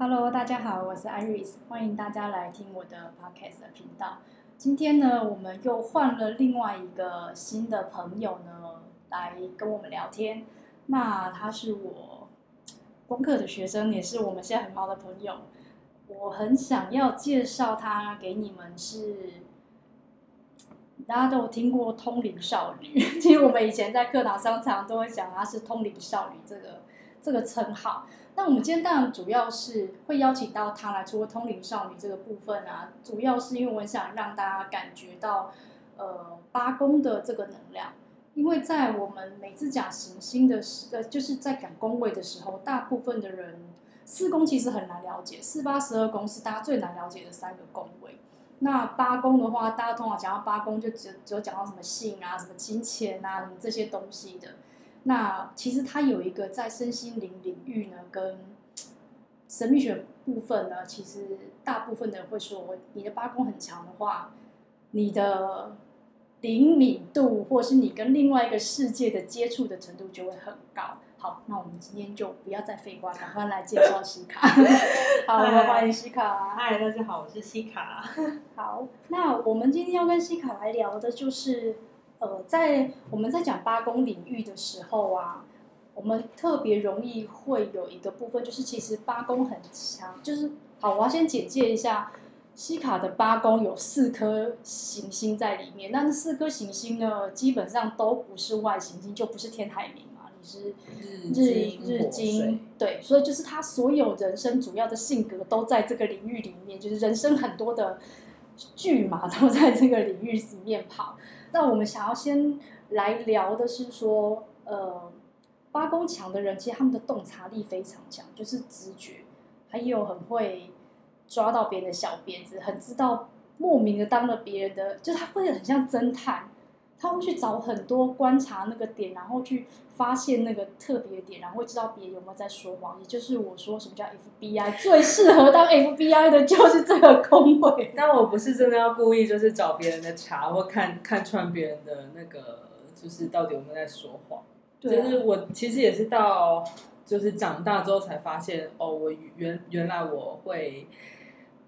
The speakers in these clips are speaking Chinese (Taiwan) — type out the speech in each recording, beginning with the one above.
Hello，大家好，我是 Iris，歡迎大家來聽我的 Podcast 的頻道。今天呢，我們又換了另外一個新的朋友呢，來跟我們聊天。那他是我功課的學生，也是我們現在很好的朋友。我很想要介紹他給你們是，是大家都有聽過通靈少女。其實我們以前在課堂上常都會講，他是通靈少女這個這個稱號。那我們今天當然主要是會邀請到他來做通靈少女這個部分啊，主要是因為我想讓大家感覺到，呃，八宮的這個能量，因為在我們每次講行星的時，呃，就是在講宮位的時候，大部分的人四宮其實很難了解，四八十二宮是大家最難了解的三個宮位。那八宮的話，大家通常講到八宮，就只有只有講到什麼性啊、什麼金錢啊、什麼這些東西的。那其實它有一個在身心靈領域呢，跟神秘學部分呢，其實大部分的人會說，我你的八宮很強的話，你的靈敏度或是你跟另外一個世界的接觸的程度就會很高。好，那我們今天就不要再廢話，趕快來介紹西卡。 好， 好，歡迎西卡。嗨，大家好，我是西卡。 好，那我們今天要跟西卡來聊的就是。呃，在我們在講八宮領域的時候啊，我們特別容易會有一個部分，就是其實八宮很強。就是好，我要先簡介一下，西卡的八宮有四顆行星在裡面。那四顆行星呢，基本上都不是外行星，就不是天海冥嘛，你是日日金，對，所以就是他所有人生主要的性格都在這個領域裡面，就是人生很多的劇碼都在這個領域裡面跑。那我們想要先來聊的是說，呃，八宮強的人其實他們的洞察力非常強，就是直覺，還有很會抓到別人的小辮子，很知道莫名的當了別人的，就是他會很像偵探。他會去找很多觀察那個點，然後去發現那個特別點，然後會知道別人有沒有在說謊。也就是我說什麼叫 FBI，最適合當 FBI 的就是這個宮位。那 我不是真的要故意就是找別人的茬，或看看穿別人的那個，就是到底有沒有在說謊。對啊。就是我其實也是到就是長大之後才發現，哦，我原原來我會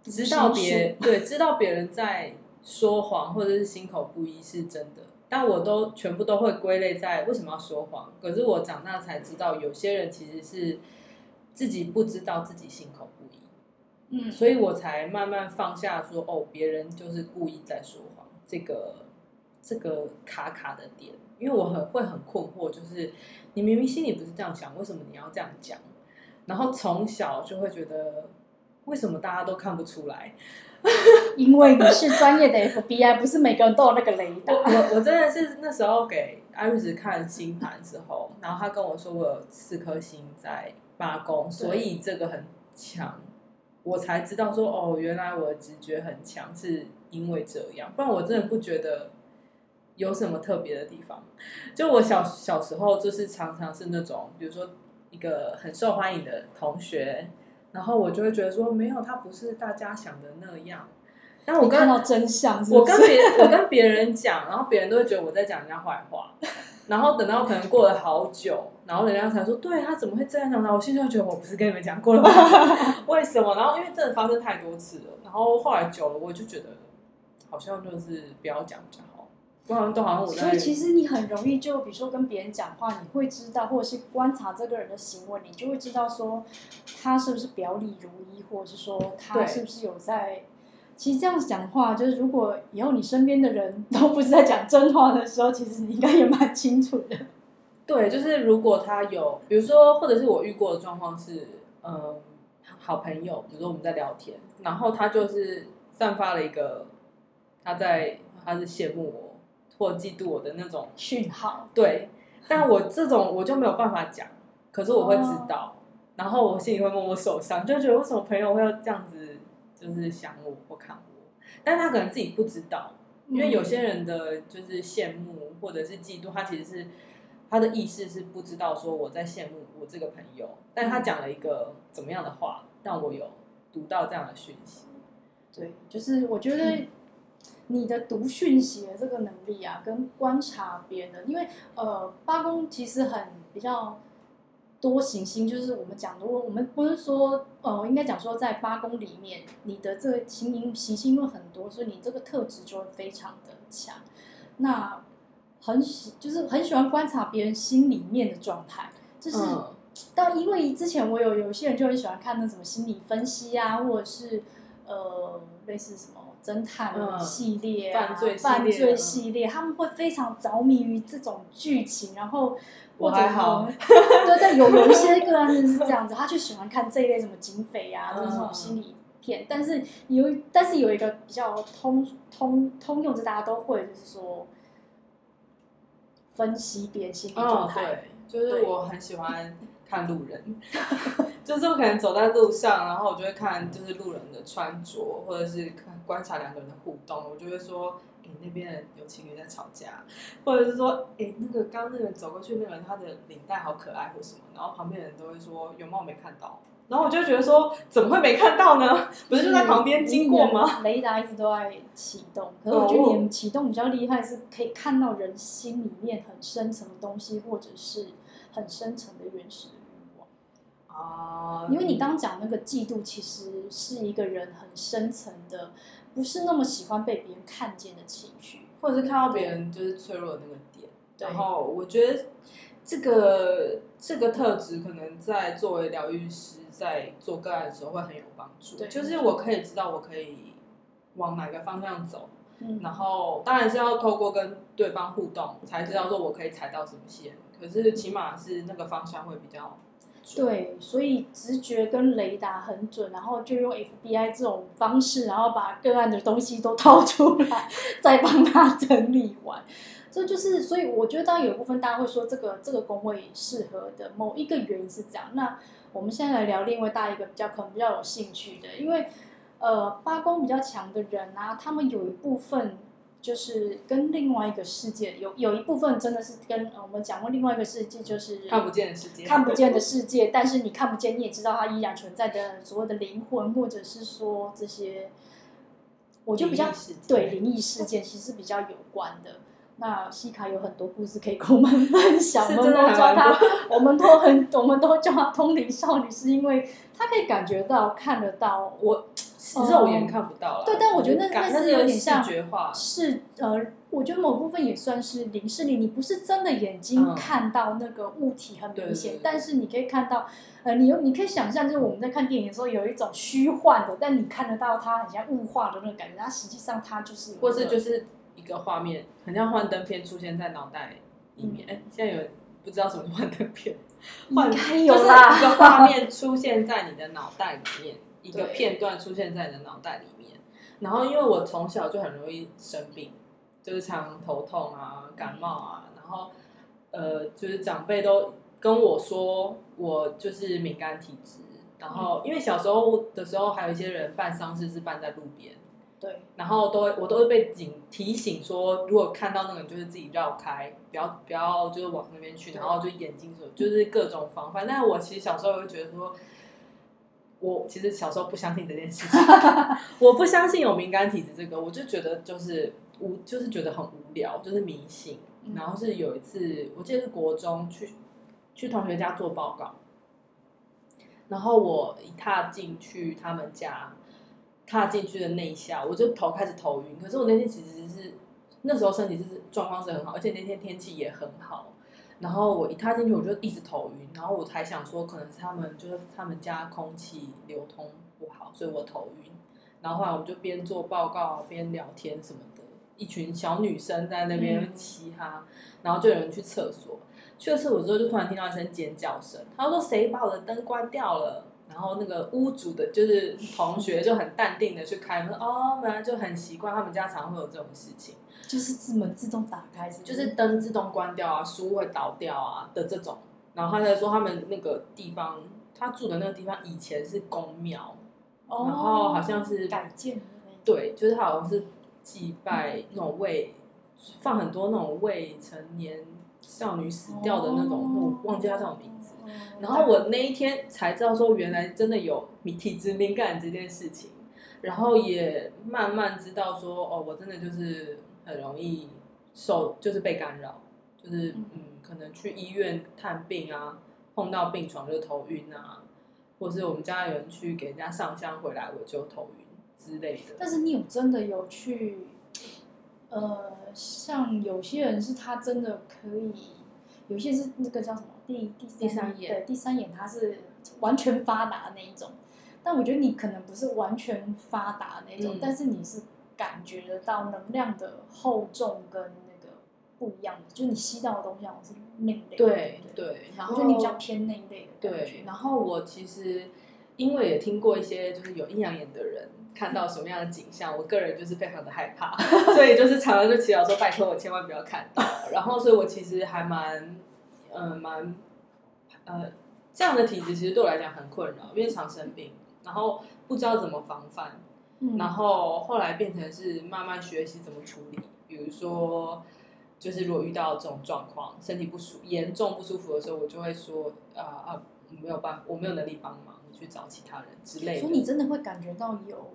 知道別對知道別人在說謊，或者是心口不一是真的。但我都全部都會歸類在為什麼要說謊？可是我長大才知道，有些人其實是自己不知道自己心口不一，嗯。所以我才慢慢放下說哦，別人就是故意在說謊，這個這個卡卡的點，因為我很會很困惑，就是你明明心裡不是這樣想，為什麼你要這樣講？然後從小就會覺得。為什麼大家都看不出來？因為你是專業的 FBI， 不是每個人都有那個雷達。我我真的是那時候給艾瑞斯看星盤之後， 然後他跟我說我有四顆星在八宮，嗯，所以這個很強，我才知道說哦，原來我的直覺很強是因為這樣，不然我真的不覺得有什麼特別的地方。就我小小時候，就是常常是那種，比如說一個很受歡迎的同學。然後我就會覺得說，沒有，他不是大家想的那樣。但我看到真相是不是，我跟別人，我跟別人講，然後別人都會覺得我在講人家壞話。然後等到可能過了好久，然後人家才說，對，他怎麼會這樣講呢？然後我現在就覺得我不是跟你們講過了嗎？為什麼？然後因為真的發生太多次了。然後後來久了，我就覺得好像就是不要講這樣。都好像我在嗯，所以其實你很容易就比如說跟別人講話，你會知道或者是觀察這個人的行為，你就會知道說他是不是表裡如一，或者是說他是不是有在。其實這樣子講話，就是如果以後你身邊的人都不是在講真話的時候，其實你應該也蠻清楚的。對，就是如果他有，比如說或者是我遇過的狀況是，嗯，呃，好朋友，比如說我們在聊天，然後他就是散發了一個，他在，他是羨慕我。或嫉妒我的那種訊號，對，但我這種我就沒有辦法講，可是我會知道，然後我心裡會默默受傷，就覺得為什麼朋友會要這樣子，就是想我或看我，但他可能自己不知道，因為有些人的就是羨慕或者是嫉妒，他其實是他的意識是不知道說我在羨慕我這個朋友，但他講了一個怎麼樣的話，但我有讀到這樣的訊息，對，就是我覺得、嗯。你的讀訊息的這個能力啊，跟觀察別人的，因為呃，八宮其實很比較多行星，就是我們講的，我我們不是說呃應該講說在八宮裡面，你的這個行營行星又很多，所以你這個特質就會非常的強。那很喜就是很喜歡觀察別人心裡面的狀態，就是、嗯、但因為之前我有有些人就很喜歡看那什麼心理分析啊，或者是呃類似什麼。偵探系列啊、嗯、犯罪系列啊，犯罪系列，他們會非常着迷於這種劇情，然後我還好， 對,對對，有有一些個人是這樣子，他就喜歡看這一類什麼警匪啊，就、嗯、是這種心理片。但是有，但是有一個比較通通通用，就大家都會，就是說分析別人心理狀態、哦。就是我很喜歡。看路人， 就是我可能走在路上，然後我就會看，就是路人的穿着，或者是看觀察兩個人的互動，我就會說，哎、欸，那邊有情侶在吵架，或者是說，哎、欸，那個剛那個人走過去，那個人他的領帶好可愛，或什麼，然後旁邊的人都會說，有嗎？沒有，沒看到。然後我就覺得說，怎麼會沒看到呢？不是就在旁邊經過嗎？雷達一直都在啟動，可是我覺得你們啟動比較厲害，是可以看到人心裡面很深層的東西，或者是很深層的原始。啊，因為你剛講那個嫉妒，其實是一個人很深層的，不是那麼喜歡被別人看見的情緒，或者是看到別人就是脆弱的那個點。對。然後我覺得這個這個特質，可能在作為療癒師在做個案的時候會很有幫助。對，就是我可以知道我可以往哪個方向走。嗯，然後當然是要透過跟對方互動才知道說我可以踩到什麼線。可是起碼是那個方向會比較。對，所以直覺跟雷達很準，然後就用 FBI 這種方式，然後把個案的東西都掏出來，再幫他整理完。這就是，所以我覺得當然有部分大家會說這個這個宮位適合的某一個原因是這樣。那我們現在來聊另外大一個比較可能比較有興趣的，因為呃八宮比較強的人啊，他們有一部分。就是跟另外一個世界有，有一部分真的是跟我們講過另外一個世界，就是看不見的世界，看不見的世界。但是你看不見，你也知道它依然存在的所有的靈魂，或者是說這些，我就比較，世界，對靈異事件其實是比較有關的。那西卡有很多故事可以跟我們分享， 我們都很，我們都叫她通靈少女，是因為她可以感覺到、看得到，我肉眼看不到。嗯、對，但我覺得那那是有點像視覺化，是呃，我覺得某部分也算是靈視力。你不是真的眼睛看到那個物體很明顯，但是你可以看到，呃，你你可以想象就是我們在看電影的時候有一種虛幻的，但你看得到它，很像霧化的那種感覺。她實際上它就是，或是就是。一個畫面，很像幻燈片出現在腦袋裡面。嗯欸、現在有不知道什麼幻燈片，幻有就是一個畫面出現在你的腦袋裡面， 一個片段出現在你的腦袋裡面。然後，因為我從小就很容易生病，就是常頭痛啊、感冒啊。然後，呃，就是長輩都跟我說，我就是敏感體質。然後、嗯，因為小時候的時候，還有一些人辦喪事是辦在路邊。對，然後都會我都會被警提醒說，如果看到那個就是自己繞開，不要不要就是往那邊去，然後就眼睛就是各種防範、嗯。但是我其實小時候會覺得說，我其實小時候不相信這件事情， 我不相信有敏感體質這個，我就覺得就是無就是覺得很無聊，就是迷信、嗯。然後是有一次，我記得是國中去去同學家做報告，然後我一踏進去他們家，踏進去的那一下，我就頭開始頭暈。可是我那天其實是那時候身體是狀況是很好，而且那天天氣也很好。然後我一踏進去，我就一直頭暈。然後我才想說，可能是他們就是他們家空氣流通不好，所以我頭暈。然後後來我就邊做報告邊聊天什麼的，一群小女生在那邊嘻哈，然後就有人去廁所。去了廁所之後，就突然聽到一聲尖叫聲。他說：“誰把我的燈關掉了？”然後那個屋主的就是同學就很淡定的去開門 哦，本來就很習慣，他們家常，常會有這種事情，就是自門自動打開是是，就是燈自動關掉啊，書會倒掉啊的這種。然後他才說他們那個地方，他住的那個地方以前是宮廟，哦，然後好像是改建，對，就是他好像是祭拜那種未，嗯，放很多那種未成年。少女死掉的那種，我、哦、忘記他叫什麼名字。然後我那一天才知道說，原來真的有體質敏感這件事情。然後也慢慢知道說，哦，我真的就是很容易受，就是被干擾，就是嗯，可能去醫院探病啊，碰到病床就頭暈啊，或是我們家人去給人家上香回來我就頭暈之類的。但是你有真的有去？呃，像有些人是他真的可以，有些是那個叫什麼第、第三眼對，第三眼，眼他是完全發達的那一種。但我覺得你可能不是完全發達的那一種，嗯，但是你是感覺得到能量的厚重跟那個不一樣的，就是你吸到的東西好像是內類的。對對，對，對，然後就你比較偏那一類的對，然後我其實因為也聽過一些就是有陰陽眼的人，看到什麼樣的景象，我個人就是非常的害怕，所以就是常常就祈禱說，拜托我千萬不要看到。然後，所以我其實還蠻，嗯、呃，蠻，呃，這樣的體質其實對我來講很困擾，因為常生病，然後不知道怎麼防範，然後後來變成是慢慢學習怎麼處理。比如說，就是如果遇到這種狀況，身體不舒嚴重不舒服的時候，我就會說啊、呃、啊，沒有辦法，我沒有能力幫忙。去找其他人之類的。所以你真的會感覺到有，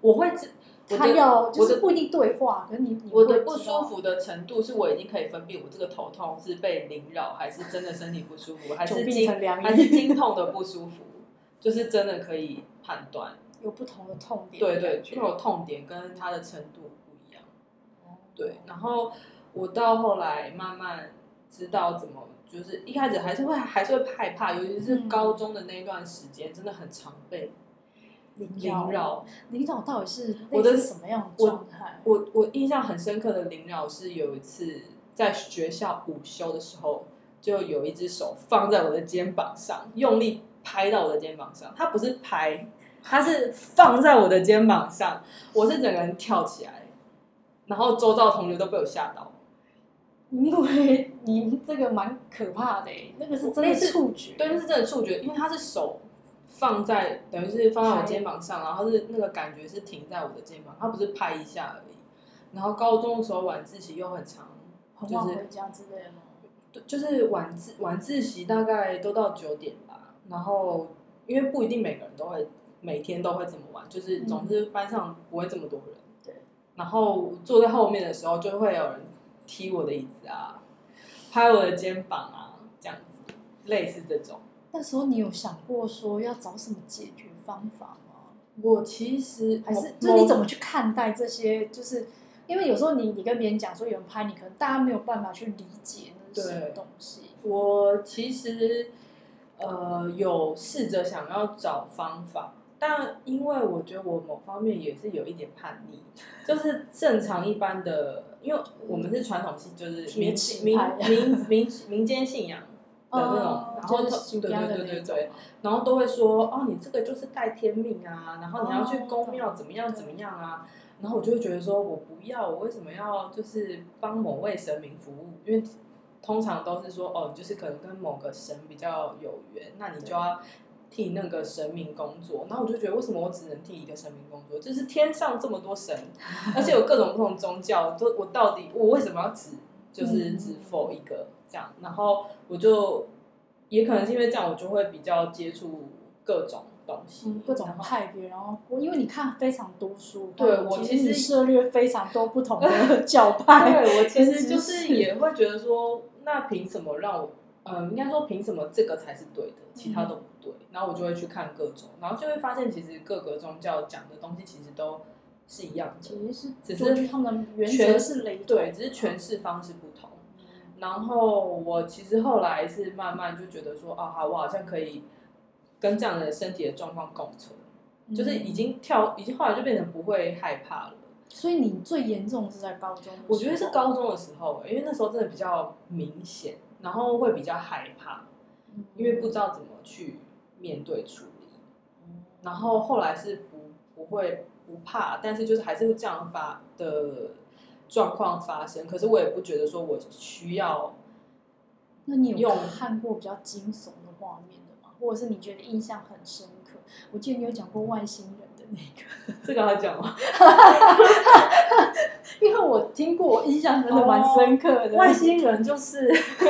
我會知他要我就是不一定對話，可是你我的不舒服的程度，是我已經可以分辨我這個頭痛是被靈擾、嗯、還是真的身體不舒服， 還是經精 還是經痛的不舒服， 就是真的可以判斷有不同的痛點的，對對，對，各有痛點跟它的程度不一樣。哦、嗯，對。然後我到後來慢慢知道怎麼。就是一開始還是會還是會害怕，尤其是高中的那一段時間，嗯，真的很常被靈擾。靈擾到底是我的什麼樣狀態？我我，我印象很深刻的靈擾是有一次在學校午休的時候，就有一隻手放在我的肩膀上，用力拍到我的肩膀上。他不是拍，他是放在我的肩膀上，我是整個人跳起來，然後周遭同學都被我嚇到。因為 你這個蠻可怕的。 那個是真的是觸覺、欸，對，那是真的觸覺、嗯，因為他是手放在等於是放在我的肩膀上， 然後是那個感覺是停在我的肩膀，他不是拍一下而已。然後高中的時候晚自習又很長，就是很，回家之類的。對，就是晚自晚自習大概都到九點吧，然後因為不一定每個人都會每天都會這麼晚，就是總是班上不會這麼多人。對、嗯，然後坐在後面的時候就會有人。踢我的椅子啊，拍我的肩膀啊，這樣子，類似這種。那時候你有想過說要找什麼解決方法嗎？我其實還是，就是你怎麼去看待這些？就是因為有時候你你跟別人講說有人拍你，可能大家沒有辦法去理解那些東西。我其實呃有試着想要找方法。但因為我覺得我某方面也是有一點叛逆，就是正常一般的，因為我們是傳統性，嗯哦，就是民民民民民間信仰的那種，然後對對對對對，然後都會說哦，你這個就是帶天命啊，然後你要去宮廟怎麼樣怎麼樣啊，哦，然後我就會覺得說我不要，我為什麼要就是幫某位神明服務？因為通常都是說哦，就是可能跟某個神比較有緣，那你就要。替那個神明工作，然後我就覺得，為什麼我只能替一個神明工作？就是天上這麼多神，而且有各種不同宗教，都我到底我為什麼要指，就是只否一個這樣？然後我就也可能是因為這樣，我就會比較接觸各種東西，嗯、各種派別。然後因為你看非常多書，對，我其實涉獵非常多不同的教派，對 我其實就是也會覺得說，那憑什麼讓我？嗯，應該說憑什麼這個才是對的，其他都不對。嗯。然後我就會去看各種，然後就會發現其實各個宗教講的東西其實都是一樣的，其實是只是他們的原則是雷同，對，只是詮釋方式不同。嗯。然後我其實後來是慢慢就覺得說，哦，好，我好像可以跟這樣的身體的狀況共存，嗯，就是已經跳，已經後來就變成不會害怕了。所以你最嚴重是在高中的時候？我覺得是高中的時候，因為那時候真的比較明顯。然後會比較害怕，因為不知道怎麼去面對處理。然後後來是不不會不怕，但是就是還是會這樣發的狀況發生。可是我也不覺得說我需要。那你有看過比較驚悚的畫面的嗎？或者是你覺得印象很深刻？我記得你有講過外星人。個？這個好講嗎？ 因為我聽過，我印象真的蠻深刻的、哦。外星人就是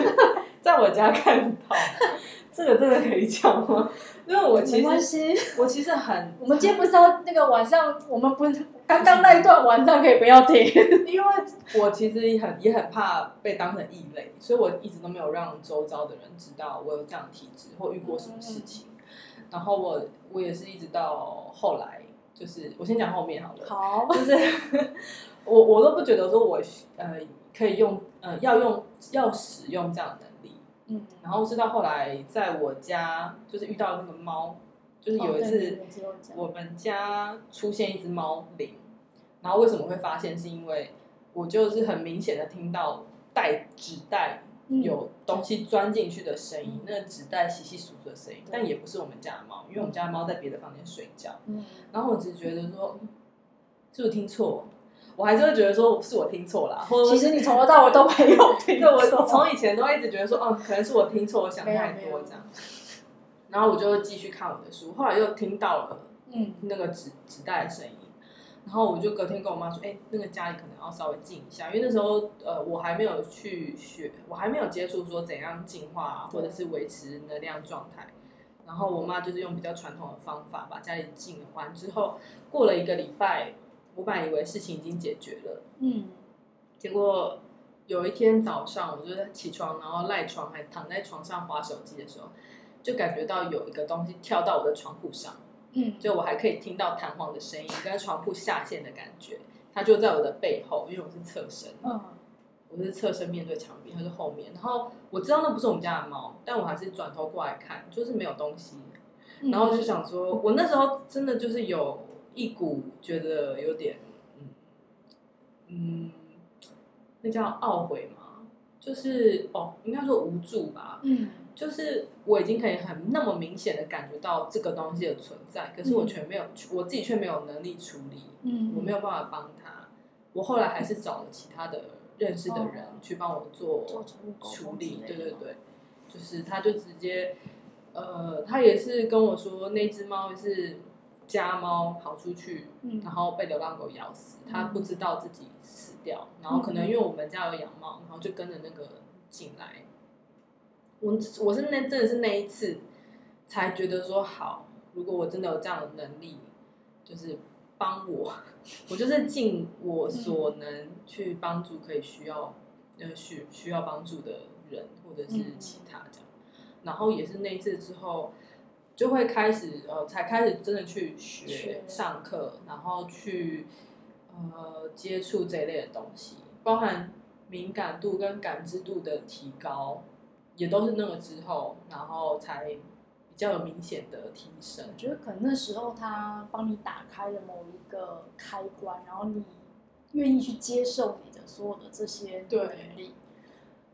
在我家看到， 這個真的可以講嗎？因為我其實我其實很，我們今天不是要那個晚上，我們不是剛剛那一段晚上可以不要聽， 因為我其實很也很怕被當成異類，所以我一直都沒有讓周遭的人知道我有這樣體質或遇過什麼事情。嗯、然後我我也是一直到後來。就是我先講後面好了，好，就是 我我都不覺得說我呃可以用呃要用要使用這樣的能力，嗯，然後直到後來在我家就是遇到那個貓，就是有一次我們家出現一隻貓靈，然後為什麼會發現是因為我就是很明顯的聽到帶紙袋，嗯、有東西鑽進去的聲音，那個紙袋窸窸窣窣的聲音，但也不是我們家的貓，因為我們家的貓在別的房間睡覺、嗯。然後我只是覺得說，是不是聽錯、啊，我還是會覺得說是我聽錯了。其實你從頭到尾都沒有聽錯， 我從以前都一直覺得說，哦，可能是我聽錯，我想太多這樣。然後我就繼續看我的書，後來又聽到了，嗯，那個紙紙袋的聲音。然後我就隔天跟我媽說，哎、欸，那個家裡可能要稍微淨一下，因為那時候呃我還沒有去學，我還沒有接觸說怎樣淨化、啊、或者是維持能量狀態。然後我媽就是用比較傳統的方法把家裡淨完之後，過了一個禮拜，我本來以為事情已經解決了，嗯，結果有一天早上，我就起床然後賴床還躺在床上滑手機的時候，就感覺到有一個東西跳到我的床鋪上。嗯，就我還可以聽到彈簧的聲音，跟床鋪下陷的感覺。它就在我的背後，因為我是側身，哦，我是側身面對牆壁，它是後面。然後我知道那不是我們家的貓，但我還是轉頭過來看，就是沒有東西。然後就想說，嗯，我那時候真的就是有一股覺得有點，嗯，那叫懊悔嗎？就是哦，應該說無助吧。嗯。就是我已經可以很那麼明顯的感覺到這個東西的存在，可是我卻沒有、嗯，我自己卻沒有能力處理，嗯、我沒有辦法幫他。我後來還是找了其他的認識的人去幫我做處理，對，對對對，就是他就直接，呃，他也是跟我說那隻貓是家貓跑出去，然後被流浪狗咬死，他不知道自己死掉，然後可能因為我們家有養貓，然後就跟着那個進來。我我是那真的是那一次才覺得說好，如果我真的有這樣的能力，就是幫我，我就是盡我所能去幫助可以需要、嗯、呃需需要幫助的人或者是其他這樣。嗯、然後也是那一次之後，就會開始呃才開始真的去學上課，然後去呃接觸這一類的東西，包含敏感度跟感知度的提高。也都是那個之後，然後才比較有明顯的提升。我覺得可能那時候他幫你打開了某一個開關，然後你願意去接受你的所有的這些能力。對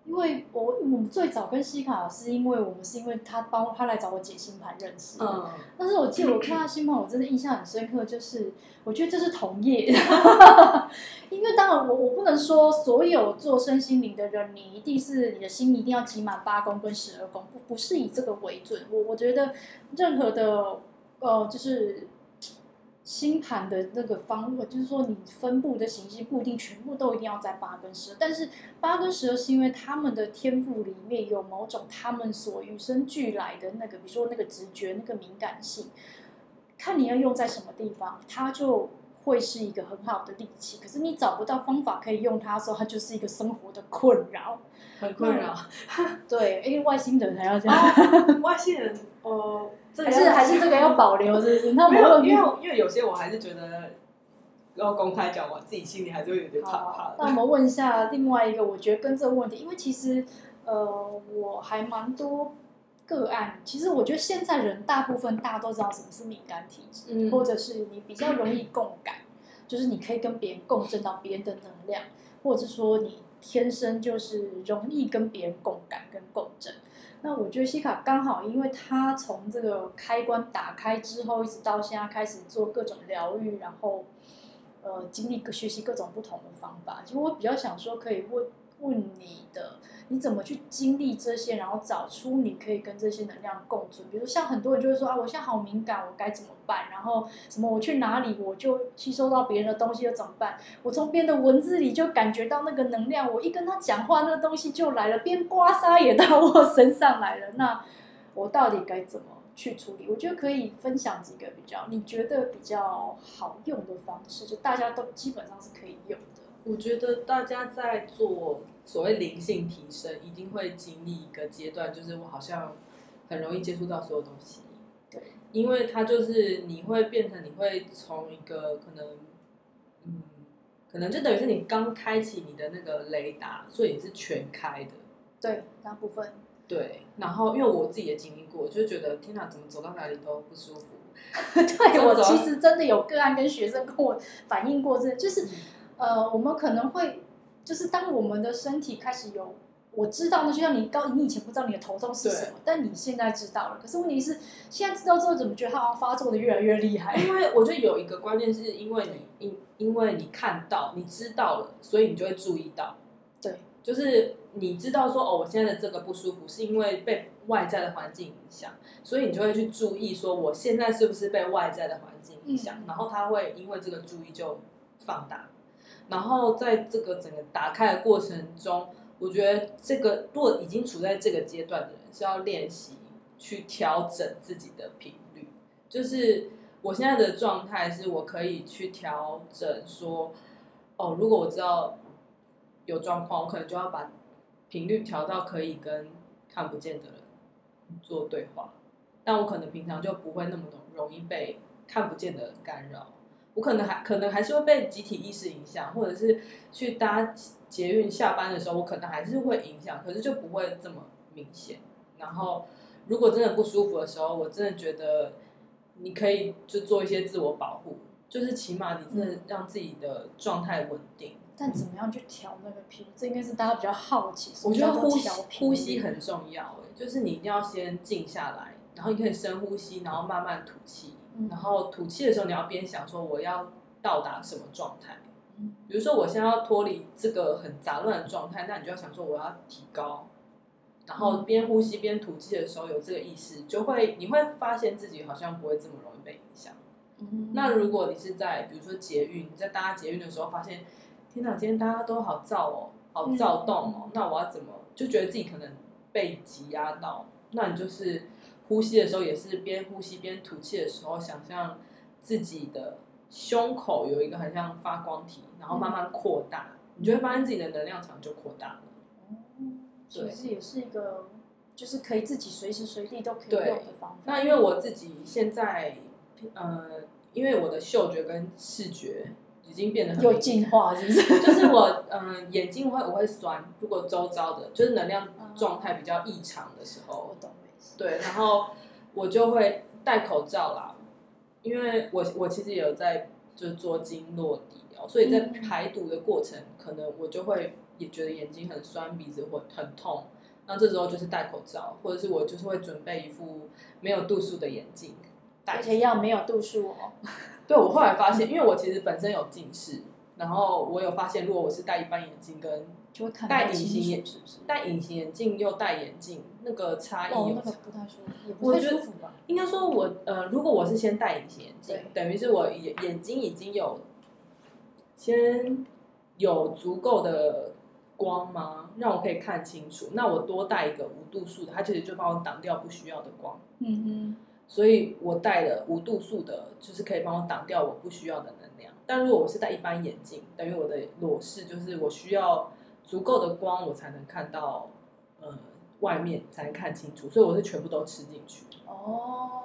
因為我我們最早跟西卡是因為我們是因為他幫他來找我解星盤認識。嗯，但是我記得我看他星盤，我真的印象很深刻，就是我覺得這是同業。 因為當然我我不能說所有做身心靈的人，你一定是你的心一定要擠滿八宮跟十二宮，不是以這個為準，我我覺得任何的呃就是。星盤的那個方位，就是說你分布的行星不一定全部都一定要在八跟十二，但是八跟十二是因為他們的天賦裡面有某種他們所與生俱來的那個，比如說那個直覺、那個敏感性，看你要用在什麼地方，他就。會是一個很好的利器，可是你找不到方法可以用它的時候，它就是一個生活的困擾，很困擾。嗯、 對，因、欸、為外星人還要這樣，啊、外星人， 呃，這個、還是、這個、還是這個要保留， 是不是？沒有，因為因為有些我還是覺得要公開講，我自己心裡還是會有點害怕怕。那我們問一下另外一個，我覺得跟這個問題，因為其實呃，我還蠻多。個案，其實我覺得現在人大部分大家都知道什麼是敏感體質，嗯，或者是你比較容易共感，嗯，就是你可以跟別人共振到別人的能量，或者說你天生就是容易跟別人共感跟共振。那我覺得西卡剛好，因為他從這個開關打開之後，一直到現在開始做各種療癒，然後呃經歷學習各種不同的方法。其實我比較想說，可以問問你的。你怎麼去經歷這些，然後找出你可以跟這些能量共存？比如像很多人就會說啊，我現在好敏感，我該怎麼辦？然後什麼我去哪裡，我就吸收到別人的東西又怎麼辦？我從別人的文字裡就感覺到那個能量，我一跟他講話，那個東西就來了，邊刮痧也到我身上來了。那我到底該怎麼去處理？我覺得可以分享幾個比較你覺得比較好用的方式，就大家都基本上是可以用的。我覺得大家在做所謂靈性提升，一定會經歷一個階段，就是我好像很容易接觸到所有東西。對，因為它就是你會變成，你會從一個可能，嗯，可能就等於是你剛開啟你的那個雷達，所以你是全開的。對，大部分。對，然後因為我自己也經歷過，就覺得天哪、啊，怎麼走到哪裡都不舒服。對我其實真的有個案跟學生跟我反映過，這就是。呃，我們可能會，就是當我們的身體開始有，我知道那就像你剛，你以前不知道你的頭痛是什麼，但你現在知道了。可是問題是，現在知道之後，怎麼覺得它好像發作的越來越厲害？因為我覺得有一個關鍵，是因為你因因為你看到，你知道了，所以你就會注意到，對，就是你知道說哦，我現在的這個不舒服是因為被外在的環境影響，所以你就會去注意說我現在是不是被外在的環境影響，嗯、然後它會因為這個注意就放大。然後在這個整個打開的過程中，我覺得這個如果已經處在這個階段的人，是要練習去調整自己的頻率。就是我現在的狀態是我可以去調整說，說哦，如果我知道有狀況，我可能就要把頻率調到可以跟看不見的人做對話，但我可能平常就不會那麼容容易被看不見的人干擾。我可能還可能還是會被集體意識影響，或者是去搭捷運下班的時候，我可能還是會影響，可是就不會這麼明顯。然後，如果真的不舒服的時候，我真的覺得你可以就做一些自我保護，就是起碼你真的讓自己的狀態穩定。嗯嗯、但怎麼樣去調那個頻？這應該是大家比較好奇。我覺得呼吸呼吸很重要、欸，就是你一定要先靜下來，然後你可以深呼吸，然後慢慢吐氣。然後吐氣的時候，你要邊想說我要到達什麼狀態，比如說我現在要脫離這個很雜亂的狀態，那你就要想說我要提高，然後邊呼吸邊吐氣的時候有這個意識，就會你會發現自己好像不會這麼容易被影響。那如果你是在比如說捷運你在大家捷運的時候發現，天哪，今天大家都好躁哦，好躁動哦，那我要怎麼就覺得自己可能被擠壓到？那你就是。呼吸的時候也是邊呼吸邊吐氣的時候，想象自己的胸口有一個很像發光體，然後慢慢擴大。嗯，你就會發現自己的能量場就擴大了。哦、嗯，其實也是一個，就是可以自己隨時隨地都可以用的方法。那因為我自己現在，呃，因為我的嗅覺跟視覺已經變得很有進化是不是？就是就是我，嗯、呃，眼睛我會我會酸，如果周遭的，就是能量狀態比較異常的時候。啊我懂對，然後我就會戴口罩啦，因為我我其實也有在就做經絡理療，所以在排毒的過程、嗯，可能我就會也覺得眼睛很酸，鼻子會很痛，那這時候就是戴口罩，或者是我就是會準備一副沒有度數的眼鏡，戴眼鏡而且要沒有度數哦。 對，我後來發現、嗯，因為我其實本身有近視，然後我有發現，如果我是戴一般眼鏡跟，就戴隱形眼鏡，戴隱形眼鏡又戴眼鏡。那個差異、哦，那個，不太舒服，也不太舒服吧？我覺得應該說我，我呃，如果我是先戴隱形眼鏡、嗯，等於是我眼眼睛已經有，先有足夠的光嗎？讓我可以看清楚。哦、那我多戴一個無度數的，它其實就幫我擋掉不需要的光。嗯嗯。所以我戴了無度數的，就是可以幫我擋掉我不需要的能量。但如果我是戴一般眼鏡，等於我的裸視就是我需要足夠的光，我才能看到，嗯外面才能看清楚，所以我是全部都吃進去。哦，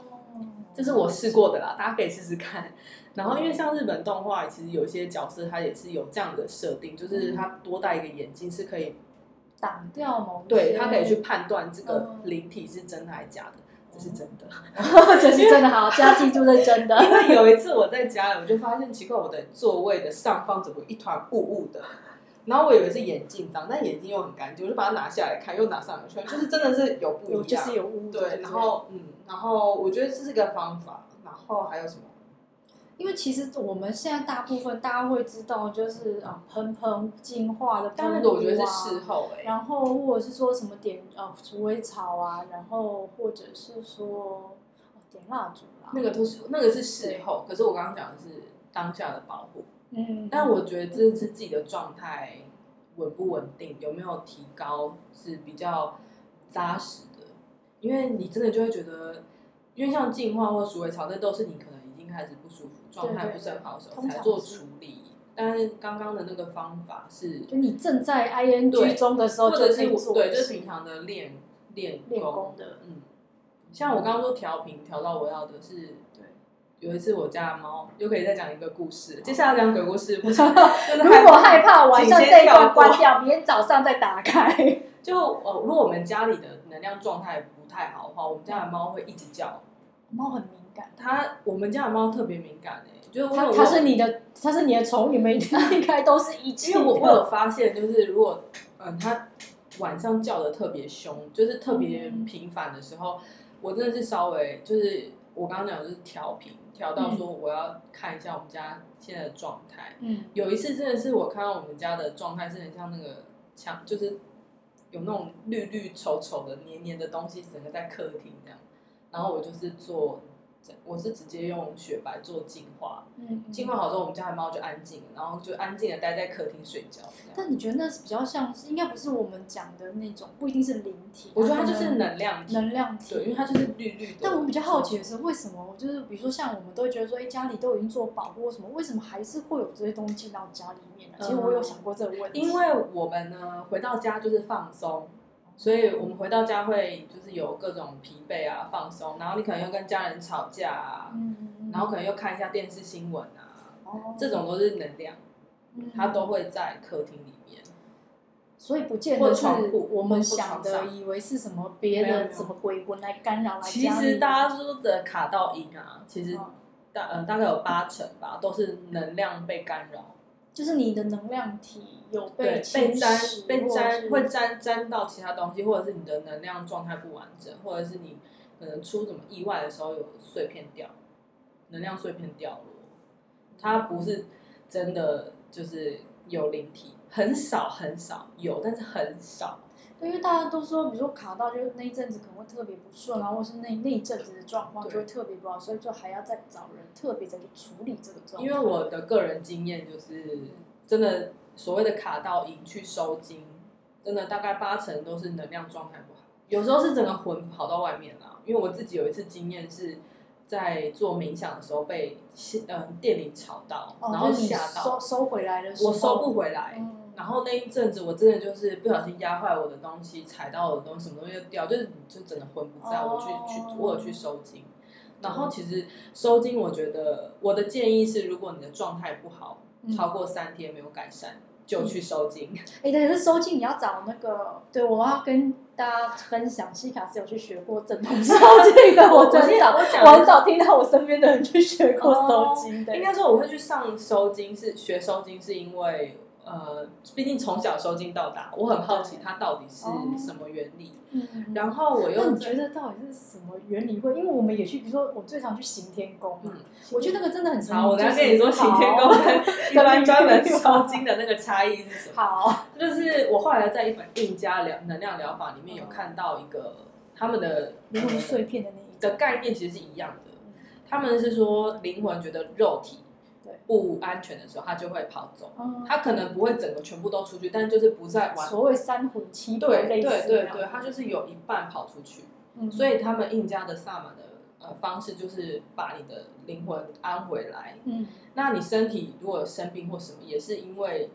這是我試過的啦，大家可以試試看。然後，因為像日本動畫，其實有一些角色，他也是有這樣的設定，就是他多戴一個眼鏡是可以擋掉某些。對，他可以去判斷這個靈體是真的還是假的，這是真的，這是真的，好，這要記住，這是真的。因為有一次我在家裡，我就發現奇怪，我的座位的上方怎麼一團霧霧的？然後我以為是眼鏡髒，但眼鏡又很乾淨，我就把它拿下來看，又拿上來看，就是真的是有不一樣，嗯就是、有污漬。對，然後嗯，然後我覺得這是一個方法，然後還有什麼？因為其實我們現在大部分大家會知道，就是啊噴噴淨化的、啊，那個我覺得是事後、欸、然後或者是說什麼點哦，鼠尾草啊，然後或者是說點蠟燭啦、啊，那個都是那個是事後、嗯，可是我剛剛講的是當下的保護。嗯，但我覺得這是自己的狀態穩不穩定、嗯，有沒有提高是比較扎實的，因為你真的就會覺得，因為像淨化或鼠尾草，那都是你可能已經開始不舒服、狀態不是很好的時候，對對對，才做處理。是但是剛剛的那個方法是，就你正在 ING 中的時候就，或是對，就是平常的練練練功的，嗯，像我剛剛說調頻調到我要的是。有一次，我家的貓又可以再講一個故事。接下來講鬼故事，就是、 如果害怕晚上這一段關掉， 明天早上再打開。就呃，如果我們家裡的能量狀態不太好的話，我們家的貓會一直叫。貓很敏感，它我們家的貓特別敏感誒、欸，就是它它是你的，它是你的寵物，你們應該都是一的。因為我我有發現，就是如果嗯，它晚上叫得特別凶，就是特別頻繁的時候、嗯，我真的是稍微就是我剛剛講就是調頻。調到說，我要看一下我們家現在的狀態。嗯，有一次真的是我看到我們家的狀態是很像那個牆，就是有那種綠綠醜醜的黏黏的東西，整個在客廳這樣。然後我就是做。我是直接用雪白做淨化，淨化好之後，我們家的貓就安靜，然後就安靜的待在客廳睡覺。但你覺得那是比較像是，應該不是我們講的那種，不一定是靈體啊。我覺得它就是能量體，能量體。對，因為它就是綠綠的，嗯。但我們比較好奇的是，為什麼就是比如說像我們都會覺得說，哎，欸，家裡都已經做保護什麼，為什麼還是會有這些東西進到家裡面呢？啊？嗯，其實我有想過這個問題。因為我們呢回到家就是放鬆。所以我們回到家會就是有各種疲憊啊，放鬆，然後你可能又跟家人吵架啊，嗯、然後可能又看一下電視新聞啊、哦，這種都是能量，嗯、它都會在客廳裡面。所以不見得是窗戶，我們想的以為是什麼別的什麼鬼魂來干擾。其實大家說的卡到陰啊，其實大，呃大概有八成吧，都是能量被干擾。就是你的能量體有被被沾，被粘，會粘粘到其他東西，或者是你的能量狀態不完整，或者是你可能出什麼意外的時候有碎片掉，能量碎片掉落，它不是真的就是有靈體，很少很少有，但是很少。因為大家都說，比如說卡到，就是那一陣子可能會特別不順，然後或是那那一陣子的狀況就會特別不好，所以就還要再找人特別再去處理這個狀況。因為我的個人經驗就是，真的所謂的卡到陰去收驚，真的大概八成都是能量狀態不好，有時候是整個魂跑到外面了。因為我自己有一次經驗是，在做冥想的時候被嗯電鈴吵到、哦，然後嚇到，你收收回來的時候。我收不回來。嗯然後那一陣子我真的就是不小心壓壞我的東西，踩到我的東西，什麼東西掉，就是就真的魂不在、oh. 我去去，我有去收驚。Oh. 然後其實收驚，我覺得我的建議是，如果你的狀態不好、嗯，超過三天沒有改善，就去收驚。哎、嗯，但、欸、是收驚你要找那個，對我要跟大家分享， 西卡是有去學過正統收驚的。 我真 我很少聽到我身邊的人去學過收驚、oh. 應該說我會去上收驚，是學收驚是因為。呃，畢竟從小收驚到大，我很好奇它到底是什麼原理。Oh. 然後我又，覺得到底是什麼原理會？會因為我們也去，比如說我最常去行天宮，嗯，我覺得那個真的很。好，我來跟你說行天宮跟專門收驚的那個差異是什麼。 好，就是我後來在一本印加療能量療法裡面有看到一個、嗯、他們的靈魂碎片的那個概念，其實是一樣的、嗯。他們是說靈魂覺得肉體，不安全的時候，他就會跑走。他可能不會整個全部都出去，但就是不在。所謂三魂七魄類似。對對對對，他就是有一半跑出去。嗯，所以他們印加的薩滿的呃方式，就是把你的靈魂安回來。嗯，那你身體如果生病或什麼，也是因為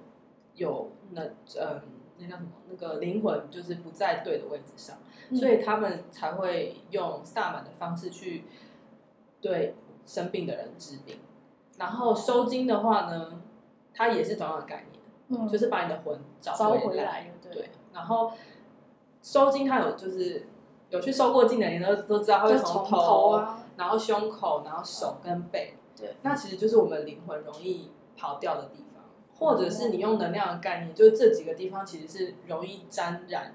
有那嗯那叫什麼那個靈魂就是不在對的位置上，所以他們才會用薩滿的方式去對生病的人治病。然後收驚的話呢，它也是同樣的概念，嗯、就是把你的魂找回來。回來對，對，然後收驚，它有就是有去收過驚的人都都知道，它會從頭，就從頭、啊，然後胸口，然後手跟背、嗯。對，那其實就是我們靈魂容易跑掉的地方，嗯、或者是你用能量的概念，嗯、就是這幾個地方其實是容易沾染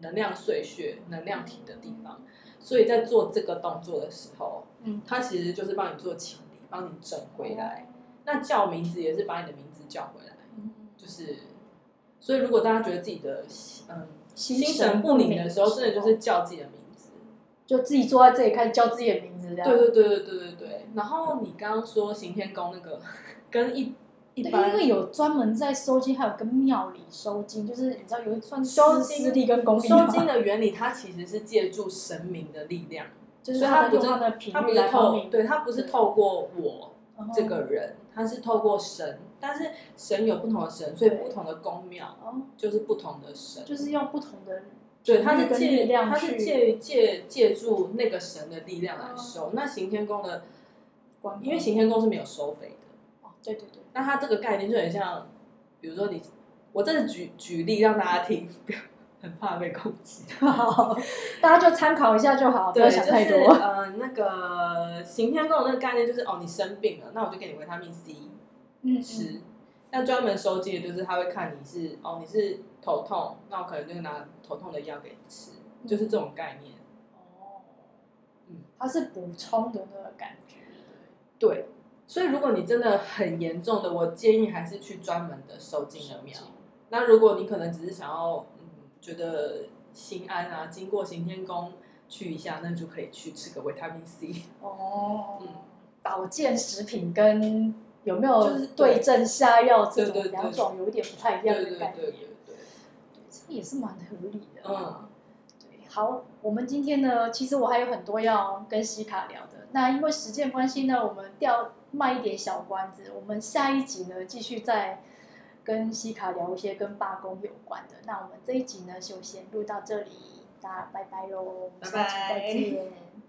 能量碎屑、嗯、能量體的地方。所以在做這個動作的時候，嗯，它其實就是幫你做清。幫你整回來，那叫名字也是把你的名字叫回來，嗯、就是，所以如果大家覺得自己的嗯心神不寧的時候，真的就是叫自己的名字、嗯，就自己坐在這裡開始叫自己的名字這樣，對對對對對對對。然後你剛剛說行天宮那個，嗯、跟一一般，對，因為有專門在收金，還有跟廟裡收金，就是你知道有一算是收金的原理，它其實是借助神明的力量。就是、所以他不知道不的，他不透明，不透明，對，他不是透過我這個人，uh -huh. 他是透過神，但是神有不同的神，所以不同的宮廟、uh -huh. 就是不同的神，就是用不同的力量，對，他是借，他是借借借，借助那個神的力量來收。Uh -huh. 那行天宮的，因為行天宮是沒有收費的，哦、uh -huh.，oh, 對對對。那他這個概念就很像，比如說你，我這是舉舉例讓大家聽。 很怕被攻擊， 大家就參考一下就好，不要想太多。對，對就是、呃， 那個行天宮的那個概念就是，哦，你生病了，那我就給你維他命 C 吃。那嗯專、嗯、門收驚的就是，他會看你是，哦，你是頭痛，那我可能就拿頭痛的藥給你吃、嗯，就是這種概念。哦，嗯，它是補充的那個感覺、嗯。對，所以如果你真的很嚴重的，我建議還是去專門的收驚的廟。那如果你可能只是想要。覺得心安啊，經過行天宮去一下，那就可以去吃個維他命 C。哦，嗯，保健食品跟有沒有對症下藥這種兩種有一點不太一樣的感覺。對對對，對，對，對，這個也是蠻合理的。嗯，對，好，我們今天呢，其實我還有很多要跟西卡聊的。那因為時間關係呢，我們掉賣一點小關子。我們下一集呢，繼續再。跟西卡聊一些跟八宮有關的，那我們這一集呢，就先錄到這裡，大家拜拜嘍，我們下期再見。拜拜。